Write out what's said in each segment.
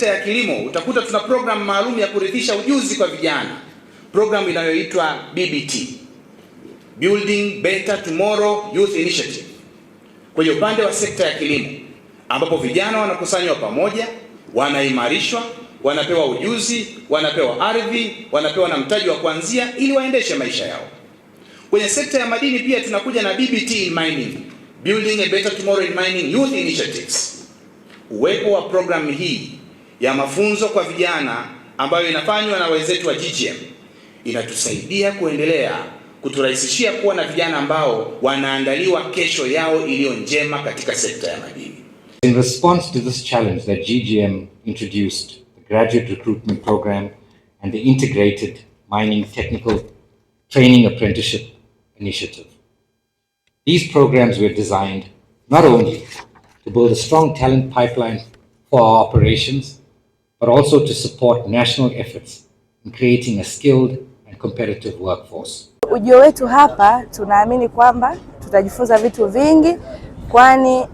sekta ya kilimo utakuta tuna programu maalum ya kurithisha ujuzi kwa vijana, programu inayoitwa BBT, Building Better Tomorrow Youth Initiative, kwenye upande wa sekta ya kilimo, ambapo vijana wanakusanywa pamoja, wanaimarishwa, wanapewa ujuzi, wanapewa ardhi, wanapewa na mtaji wa kuanzia ili waendeshe maisha yao. Kwenye sekta ya madini pia tunakuja na BBT in mining, Building a Better Tomorrow in Mining Youth Initiatives. Uwepo wa programu hii ya mafunzo kwa vijana ambayo inafanywa na wenzetu wa GGM inatusaidia kuendelea kuturahisishia kuwa na vijana ambao wanaandaliwa kesho yao iliyo njema katika sekta ya madini. In response to this challenge that GGM introduced the graduate recruitment program and the integrated mining technical training apprenticeship initiative. These programs were designed not only to build a strong talent pipeline for our operations but also to support national efforts in creating a skilled and competitive workforce. Ujio wetu hapa tunaamini kwamba tutajifunza vitu vingi, kwani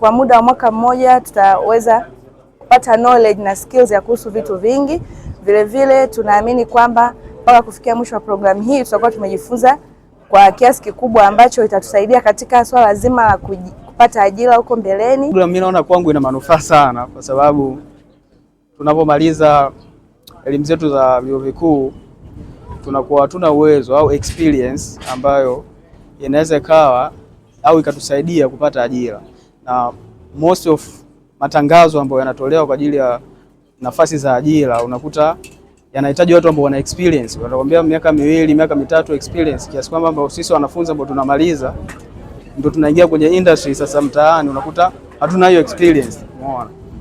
kwa muda wa mwaka mmoja tutaweza kupata knowledge na skills ya kuhusu vitu vingi. Vilevile tunaamini kwamba mpaka kufikia mwisho wa programu hii tutakuwa tumejifunza kwa kiasi kikubwa ambacho itatusaidia katika swala zima la kupata ajira huko mbeleni. Programu mimi naona kwangu ina manufaa sana kwa sababu tunapomaliza elimu zetu za vyuo vikuu tunakuwa hatuna uwezo au experience ambayo inaweza ikawa au ikatusaidia kupata ajira, na most of matangazo ambayo yanatolewa kwa ajili ya nafasi za ajira unakuta yanahitaji watu ambao wana experience, wanakuambia miaka miwili, miaka mitatu experience, kiasi kwamba ambao sisi wanafunzi ambao tunamaliza ndio tunaingia kwenye industry sasa mtaani, unakuta hatuna hiyo experience, umeona.